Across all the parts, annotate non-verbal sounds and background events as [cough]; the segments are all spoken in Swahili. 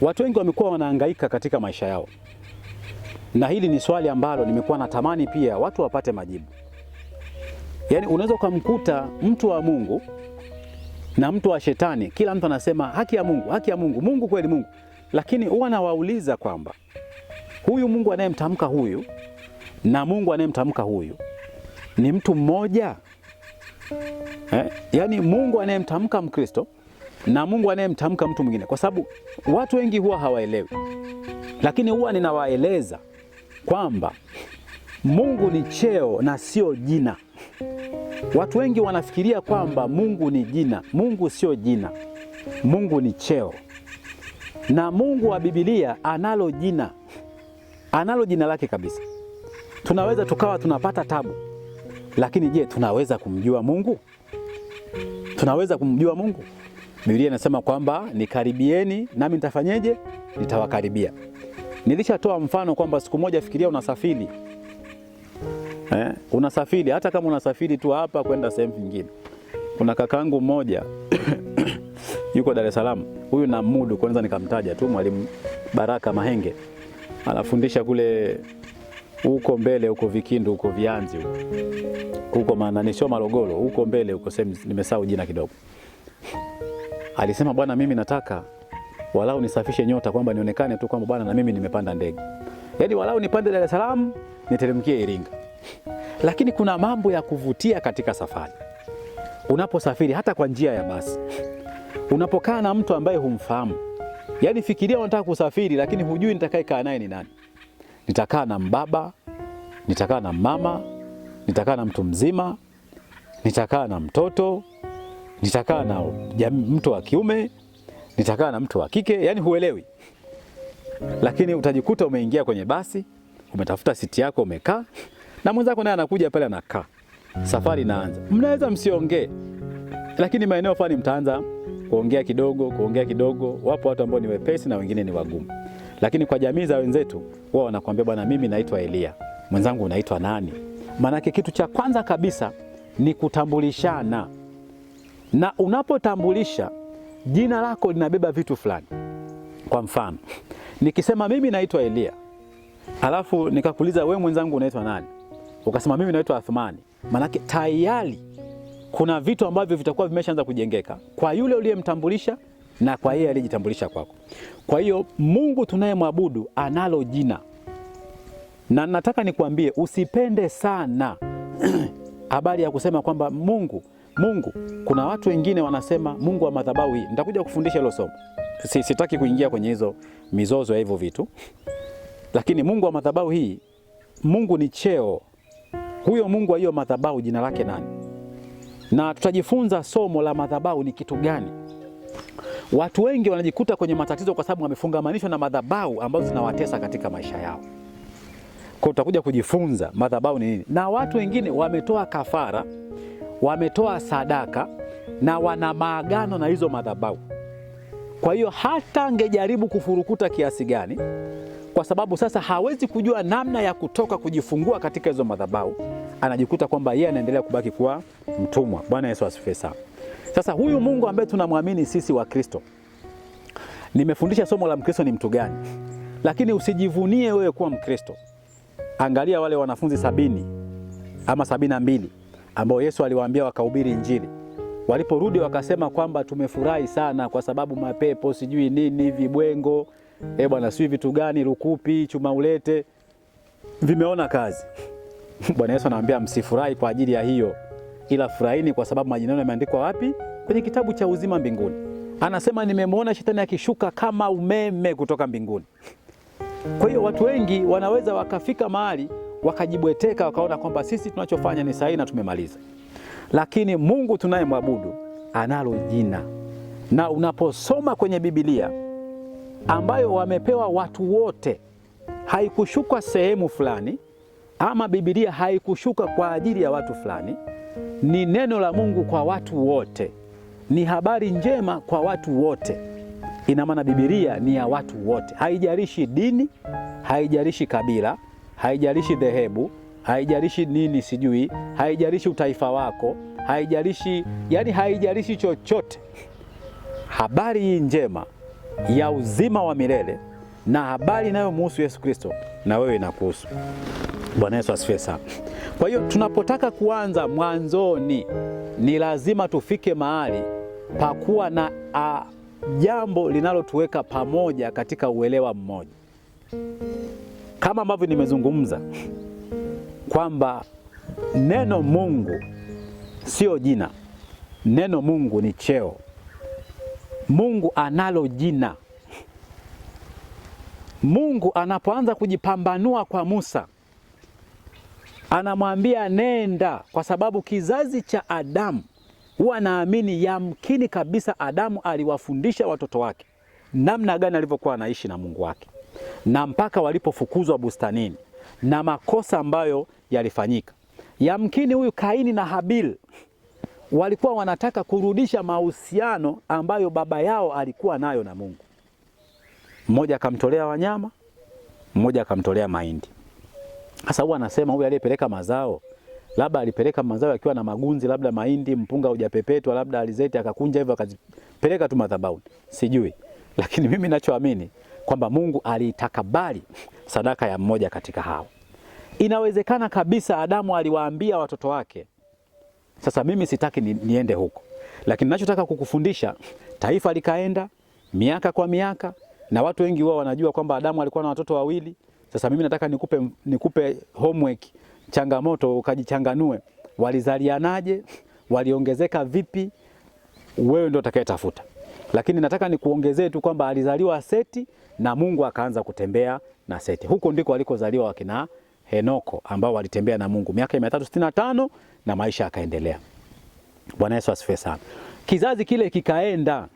Watu wengi wamekuwa wanahangaika katika maisha yao, na hili ni swali ambalo nimekuwa natamani pia watu wapate majibu. Yaani unaweza ukamkuta mtu wa Mungu na mtu wa Shetani, kila mtu anasema haki ya Mungu, haki ya Mungu, Mungu kweli, Mungu. Lakini huwa nawauliza kwamba huyu Mungu anayemtamka huyu na Mungu anayemtamka huyu ni mtu mmoja eh? Yaani Mungu anayemtamka Mkristo na Mungu anayemtamka mtu mwingine, kwa sababu watu wengi huwa hawaelewi, lakini huwa ninawaeleza kwamba Mungu ni cheo na sio jina. Watu wengi wanafikiria kwamba Mungu ni jina. Mungu sio jina, Mungu ni cheo, na Mungu wa Biblia analo jina, analo jina lake kabisa. Tunaweza tukawa tunapata tabu, lakini je, tunaweza kumjua Mungu? Tunaweza kumjua Mungu? Biblia inasema kwamba nikaribieni, nami nitafanyeje? Nitawakaribia. Nilishatoa mfano kwamba siku moja, fikiria unasafiri eh, unasafiri hata kama unasafiri tu hapa kwenda sehemu nyingine. Kuna kakangu mmoja [coughs] yuko Dar es Salaam, huyu na mudu kwanza, nikamtaja tu mwalimu Baraka Mahenge, anafundisha kule huko mbele huko Vikindu huko Vianzi huko huko maana nisio Marogoro huko mbele huko sehemu nimesahau jina kidogo. Alisema, bwana, mimi nataka walau nisafishe nyota, kwamba nionekane tu kwamba bwana, na mimi nimepanda ndege, yaani walau nipande Dar es Salaam niteremkie Iringa. [laughs] Lakini kuna mambo ya kuvutia katika safari, unaposafiri hata kwa njia ya basi, [laughs] unapokaa na mtu ambaye humfahamu. Yaani fikiria unataka kusafiri, lakini hujui nitakayekaa naye ni nani. Nitakaa na mbaba, nitakaa na mama, nitakaa na mtu mzima, nitakaa na mtoto nitakaa na mtu wa kiume, nitakaa na mtu wa kike, yani huelewi. Lakini utajikuta umeingia kwenye basi, umetafuta siti yako, umekaa na mwenzako, naye anakuja pale, anakaa, safari inaanza. Mnaweza msiongee, lakini maeneo fulani mtaanza kuongea kidogo, kuongea kidogo. Wapo watu ambao ni wepesi na wengine ni wagumu, lakini kwa jamii za wenzetu wao wanakuambia, bwana, mimi naitwa Elia, mwenzangu unaitwa nani? Maanake kitu cha kwanza kabisa ni kutambulishana. Na unapotambulisha jina lako linabeba vitu fulani. Kwa mfano, nikisema mimi naitwa Elia, alafu nikakuuliza we mwenzangu unaitwa nani, ukasema mimi naitwa Athmani, maanake tayari kuna vitu ambavyo vitakuwa vimeshaanza kujengeka kwa yule uliyemtambulisha na kwa yeye aliyejitambulisha kwako. Kwa hiyo Mungu tunayemwabudu analo jina, na nataka nikuambie usipende sana [clears throat] habari ya kusema kwamba Mungu Mungu. Kuna watu wengine wanasema Mungu wa madhabahu hii. Nitakuja kufundisha hilo somo, sitaki kuingia kwenye hizo mizozo ya hivyo vitu, lakini Mungu wa madhabahu hii, Mungu ni cheo. Huyo Mungu wa hiyo madhabahu jina lake nani? Na tutajifunza somo la madhabahu ni kitu gani. Watu wengi wanajikuta kwenye matatizo kwa sababu wamefungamanishwa na madhabahu ambazo zinawatesa katika maisha yao. Kwa utakuja kujifunza madhabahu ni nini, na watu wengine wametoa kafara wametoa sadaka na wana maagano na hizo madhabahu. Kwa hiyo hata angejaribu kufurukuta kiasi gani, kwa sababu sasa hawezi kujua namna ya kutoka kujifungua katika hizo madhabahu, anajikuta kwamba yeye anaendelea kubaki kuwa mtumwa. Bwana Yesu asifiwe sana. Sasa huyu Mungu ambaye tunamwamini sisi wa Kristo, nimefundisha somo la Mkristo ni mtu gani, lakini usijivunie wewe kuwa Mkristo. Angalia wale wanafunzi sabini ama sabini na mbili ambao Yesu aliwaambia wakahubiri Injili. Waliporudi wakasema kwamba tumefurahi sana kwa sababu mapepo sijui nini vibwengo, eh bwana, sijui vitu gani, rukupi, chuma ulete vimeona kazi. [laughs] Bwana Yesu anawaambia msifurahi kwa ajili ya hiyo, ila furahini kwa sababu majina yenu yameandikwa wapi? Kwenye kitabu cha uzima mbinguni. Anasema nimemwona shetani akishuka kama umeme kutoka mbinguni. [laughs] Kwa hiyo watu wengi wanaweza wakafika mahali wakajibweteka, wakaona kwamba sisi tunachofanya ni sahihi na tumemaliza. Lakini Mungu tunayemwabudu analo jina, na unaposoma kwenye Biblia ambayo wamepewa watu wote, haikushuka sehemu fulani ama Biblia haikushuka kwa ajili ya watu fulani. Ni neno la Mungu kwa watu wote, ni habari njema kwa watu wote. Ina maana Biblia ni ya watu wote, haijarishi dini, haijarishi kabila haijalishi dhehebu, haijalishi nini sijui, haijalishi utaifa wako, haijalishi yani, haijalishi chochote. Habari hii njema ya uzima wa milele na habari inayomuhusu Yesu Kristo na wewe inakuhusu. Bwana Yesu asifiwe sana. Kwa hiyo tunapotaka kuanza mwanzoni, ni lazima tufike mahali pakuwa na a, jambo linalotuweka pamoja katika uelewa mmoja kama ambavyo nimezungumza kwamba neno Mungu sio jina, neno Mungu ni cheo. Mungu analo jina. Mungu anapoanza kujipambanua kwa Musa, anamwambia nenda, kwa sababu kizazi cha Adamu huwa naamini yamkini kabisa Adamu aliwafundisha watoto wake namna gani alivyokuwa anaishi na Mungu wake na mpaka walipofukuzwa bustanini na makosa ambayo yalifanyika. Yamkini huyu Kaini na Habil walikuwa wanataka kurudisha mahusiano ambayo baba yao alikuwa nayo na Mungu. Mmoja akamtolea wanyama, mmoja akamtolea mahindi. Sasa huwa anasema huyu aliyepeleka mazao, labda alipeleka mazao akiwa na magunzi, labda mahindi, mpunga hujapepetwa, labda alizeti akakunja hivyo akazipeleka tu madhabahuni, sijui. Lakini mimi ninachoamini kwamba Mungu aliitakabali sadaka ya mmoja katika hao. Inawezekana kabisa Adamu aliwaambia watoto wake, sasa mimi sitaki ni, niende huko, lakini ninachotaka kukufundisha. Taifa likaenda miaka kwa miaka, na watu wengi wao wanajua kwamba Adamu alikuwa na watoto wawili. Sasa mimi nataka nikupe, nikupe homework, changamoto, ukajichanganue walizalianaje, waliongezeka vipi? Wewe ndio utakayetafuta. Lakini nataka nikuongezee tu kwamba alizaliwa Seti na Mungu akaanza kutembea na Seti. Huko ndiko alikozaliwa wakina Henoko ambao walitembea na Mungu miaka 365 na maisha yakaendelea. Bwana Yesu asifiwe sana. Kizazi kile kikaenda.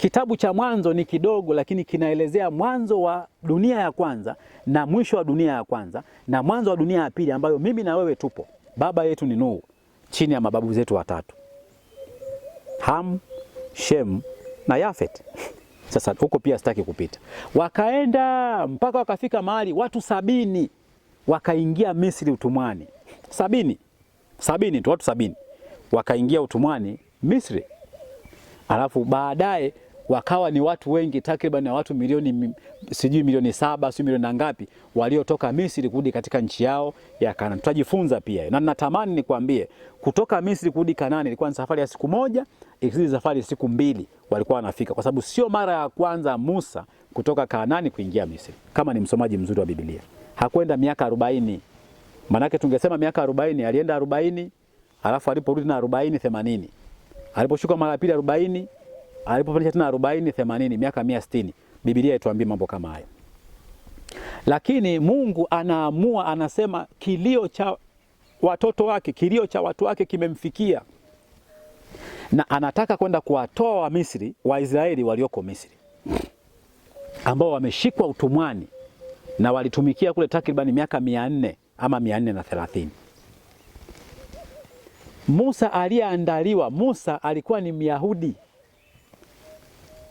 Kitabu cha Mwanzo ni kidogo, lakini kinaelezea mwanzo wa dunia ya kwanza na mwisho wa dunia ya kwanza na mwanzo wa dunia ya pili, ambayo mimi na wewe tupo. Baba yetu ni Nuhu, chini ya mababu zetu watatu Ham, Shem na Yafet. Sasa huko pia sitaki kupita. Wakaenda mpaka wakafika mahali watu sabini wakaingia Misri utumwani. Sabini, sabini tu, watu sabini wakaingia utumwani Misri, alafu baadaye wakawa ni watu wengi takriban na watu milioni sijui milioni saba sijui milioni ngapi waliotoka Misri kurudi katika nchi yao ya Kanaani. Tutajifunza pia na natamani nikwambie, kutoka Misri kurudi Kanaani ilikuwa ni safari ya siku moja, ikizidi safari siku mbili walikuwa wanafika, kwa sababu sio mara ya kwanza Musa kutoka Kanaani kuingia Misri. Kama ni msomaji mzuri wa Biblia, hakwenda miaka 40 maanake tungesema miaka 40 alienda 40 alafu aliporudi na 40 80 aliposhuka mara ya pili 40 alipopitisha tena 40 80 miaka 160, Biblia ituambie mambo kama hayo. Lakini Mungu anaamua, anasema kilio cha watoto wake, kilio cha watu wake kimemfikia, na anataka kwenda kuwatoa Wamisri, Waisraeli walioko Misri ambao wameshikwa utumwani na walitumikia kule takribani miaka mia nne ama mia nne na thelathini. Musa aliyeandaliwa, Musa alikuwa ni Myahudi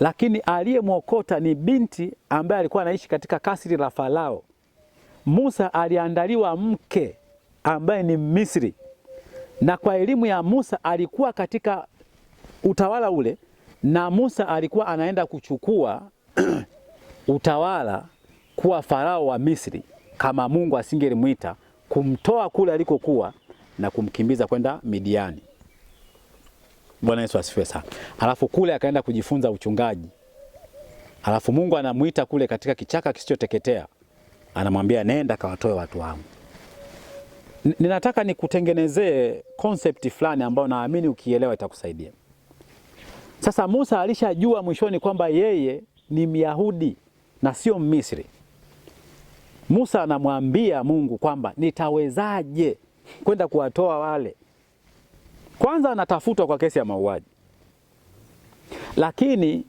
lakini aliyemwokota ni binti ambaye alikuwa anaishi katika kasri la Farao. Musa aliandaliwa mke ambaye ni Misri, na kwa elimu ya Musa alikuwa katika utawala ule, na Musa alikuwa anaenda kuchukua [clears throat] utawala kuwa Farao wa Misri, kama Mungu asingelimwita kumtoa kule alikokuwa na kumkimbiza kwenda Midiani. Bwana Yesu asifiwe sana. Alafu kule akaenda kujifunza uchungaji. Alafu Mungu anamuita kule katika kichaka kisichoteketea, anamwambia nenda kawatoe watu wangu. Ninataka nikutengenezee konsepti fulani ambayo naamini ukielewa itakusaidia. Sasa Musa alishajua mwishoni kwamba yeye ni Myahudi na sio Mmisri. Musa anamwambia Mungu kwamba nitawezaje kwenda kuwatoa wale kwanza anatafutwa kwa kesi ya mauaji, lakini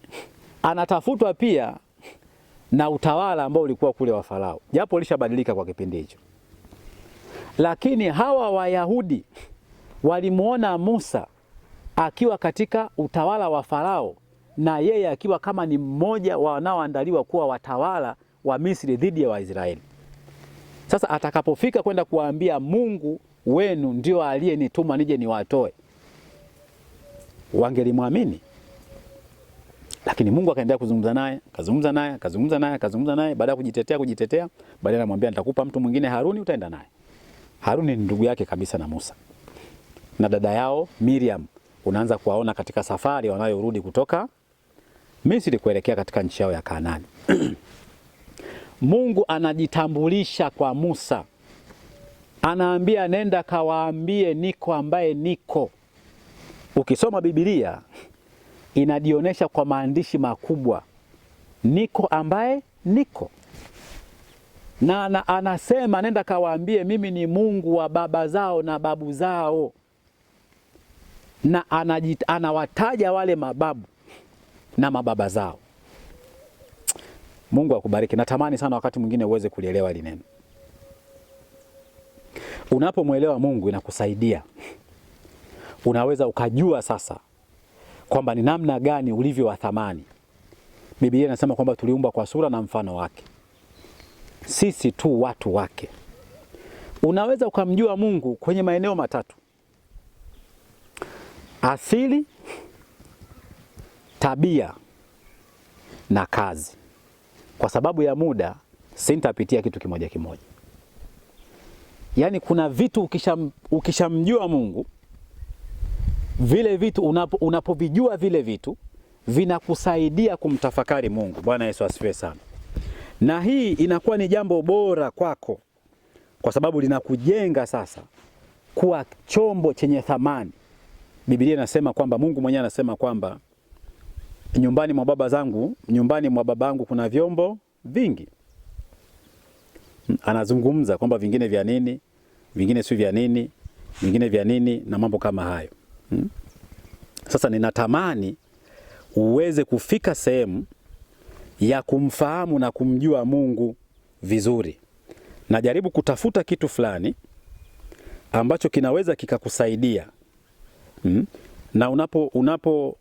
anatafutwa pia na utawala ambao ulikuwa kule wa Farao, japo ulishabadilika kwa kipindi hicho. Lakini hawa Wayahudi walimwona Musa akiwa katika utawala wa Farao na yeye akiwa kama ni mmoja wanaoandaliwa kuwa watawala wa Misri dhidi ya Waisraeli. Sasa atakapofika kwenda kuwaambia Mungu wenu ndio aliyenituma nije niwatoe. Wangelimwamini, lakini Mungu akaendelea kuzungumza naye, akazungumza naye, akazungumza naye, akazungumza naye. Baada ya kujitetea kujitetea, baadaye anamwambia nitakupa mtu mwingine, Haruni, utaenda naye. Haruni ni ndugu yake kabisa na Musa na dada yao Miriam. Unaanza kuwaona katika safari wanayorudi kutoka Misri kuelekea katika nchi yao ya Kanaani. [clears throat] Mungu anajitambulisha kwa Musa anaambia nenda kawaambie niko ambaye niko. Ukisoma Biblia inadionyesha kwa maandishi makubwa niko ambaye niko, na anasema nenda kawaambie mimi ni Mungu wa baba zao na babu zao, na anawataja wale mababu na mababa zao. Mungu akubariki. Natamani sana wakati mwingine uweze kulielewa hili neno. Unapomwelewa Mungu inakusaidia, unaweza ukajua sasa kwamba ni namna gani ulivyo wa thamani. Biblia inasema kwamba tuliumbwa kwa sura na mfano wake, sisi tu watu wake. Unaweza ukamjua Mungu kwenye maeneo matatu: asili, tabia na kazi. Kwa sababu ya muda, sintapitia kitu kimoja kimoja. Yaani kuna vitu ukisham, ukishamjua Mungu vile vitu unapo, unapovijua vile vitu vinakusaidia kumtafakari Mungu. Bwana Yesu asifiwe sana. Na hii inakuwa ni jambo bora kwako kwa sababu linakujenga sasa kuwa chombo chenye thamani. Biblia inasema kwamba Mungu mwenyewe anasema kwamba nyumbani mwa baba zangu, nyumbani mwa babangu kuna vyombo vingi anazungumza kwamba vingine vya nini, vingine si vya nini, vingine vya nini na mambo kama hayo hmm. Sasa ninatamani uweze kufika sehemu ya kumfahamu na kumjua Mungu vizuri. Najaribu kutafuta kitu fulani ambacho kinaweza kikakusaidia hmm. na unapo unapo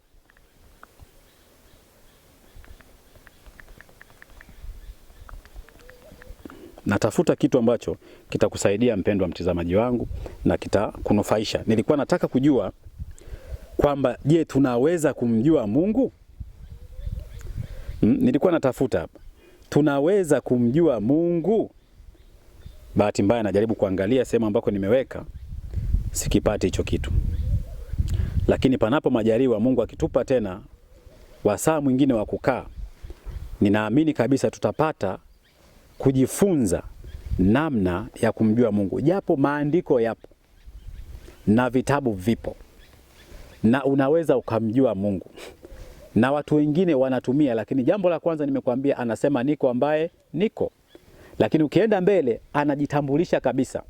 natafuta kitu ambacho kitakusaidia mpendwa mtizamaji wangu na kitakunufaisha. Nilikuwa nataka kujua kwamba je, tunaweza kumjua Mungu? Mm, nilikuwa natafuta hapa, tunaweza kumjua Mungu. Bahati mbaya najaribu kuangalia sehemu ambako nimeweka, sikipati hicho kitu, lakini panapo majaliwa, Mungu akitupa tena wasaa mwingine wa kukaa, ninaamini kabisa tutapata kujifunza namna ya kumjua Mungu, japo maandiko yapo na vitabu vipo na unaweza ukamjua Mungu na watu wengine wanatumia, lakini jambo la kwanza nimekuambia, anasema niko ambaye niko, lakini ukienda mbele anajitambulisha kabisa.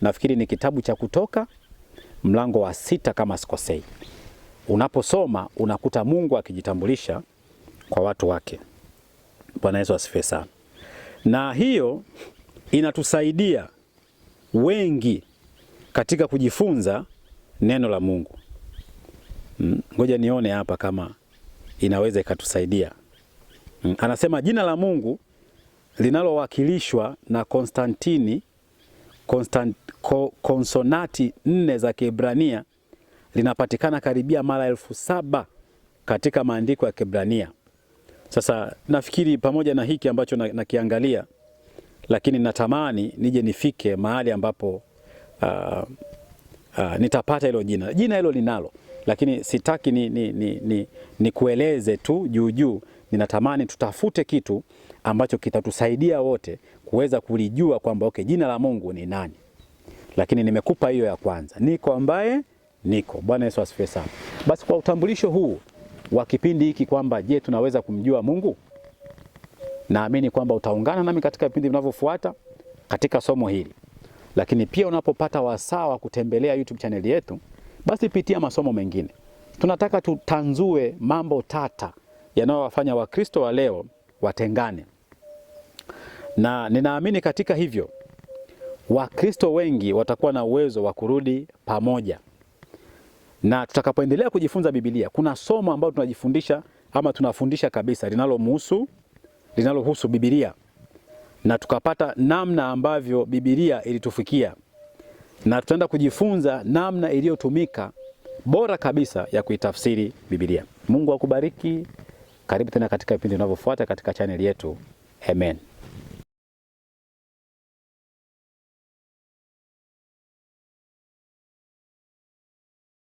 Nafikiri ni kitabu cha Kutoka mlango wa sita kama sikosei. Unaposoma unakuta Mungu akijitambulisha kwa watu wake. Bwana Yesu asifiwe sana na hiyo inatusaidia wengi katika kujifunza neno la Mungu. Mm, ngoja nione hapa kama inaweza ikatusaidia. Mm, anasema jina la Mungu linalowakilishwa na Konstantini konstant, ko, konsonati nne za Kiebrania linapatikana karibia mara elfu saba katika maandiko ya Kiebrania. Sasa nafikiri pamoja na hiki ambacho nakiangalia na lakini natamani nije nifike mahali ambapo uh, uh, nitapata hilo jina. Jina hilo ninalo, lakini sitaki ni, ni, ni, ni, ni kueleze tu juu juu. Ninatamani tutafute kitu ambacho kitatusaidia wote kuweza kulijua kwamba okay, jina la Mungu ni nani. Lakini nimekupa hiyo ya kwanza, niko ambaye niko. Bwana Yesu asifiwe sana. Basi kwa utambulisho huu wa kipindi hiki kwamba je, tunaweza kumjua Mungu? Naamini kwamba utaungana nami katika vipindi vinavyofuata katika somo hili, lakini pia unapopata wasaa wa kutembelea YouTube chaneli yetu, basi pitia masomo mengine. Tunataka tutanzue mambo tata yanayowafanya Wakristo wa leo watengane, na ninaamini katika hivyo Wakristo wengi watakuwa na uwezo wa kurudi pamoja na tutakapoendelea kujifunza Biblia, kuna somo ambalo tunajifundisha ama tunafundisha kabisa linalomhusu linalohusu Biblia, na tukapata namna ambavyo Biblia ilitufikia, na tutaenda kujifunza namna iliyotumika bora kabisa ya kuitafsiri Biblia. Mungu akubariki. Karibu tena katika vipindi vinavyofuata katika chaneli yetu. Amen.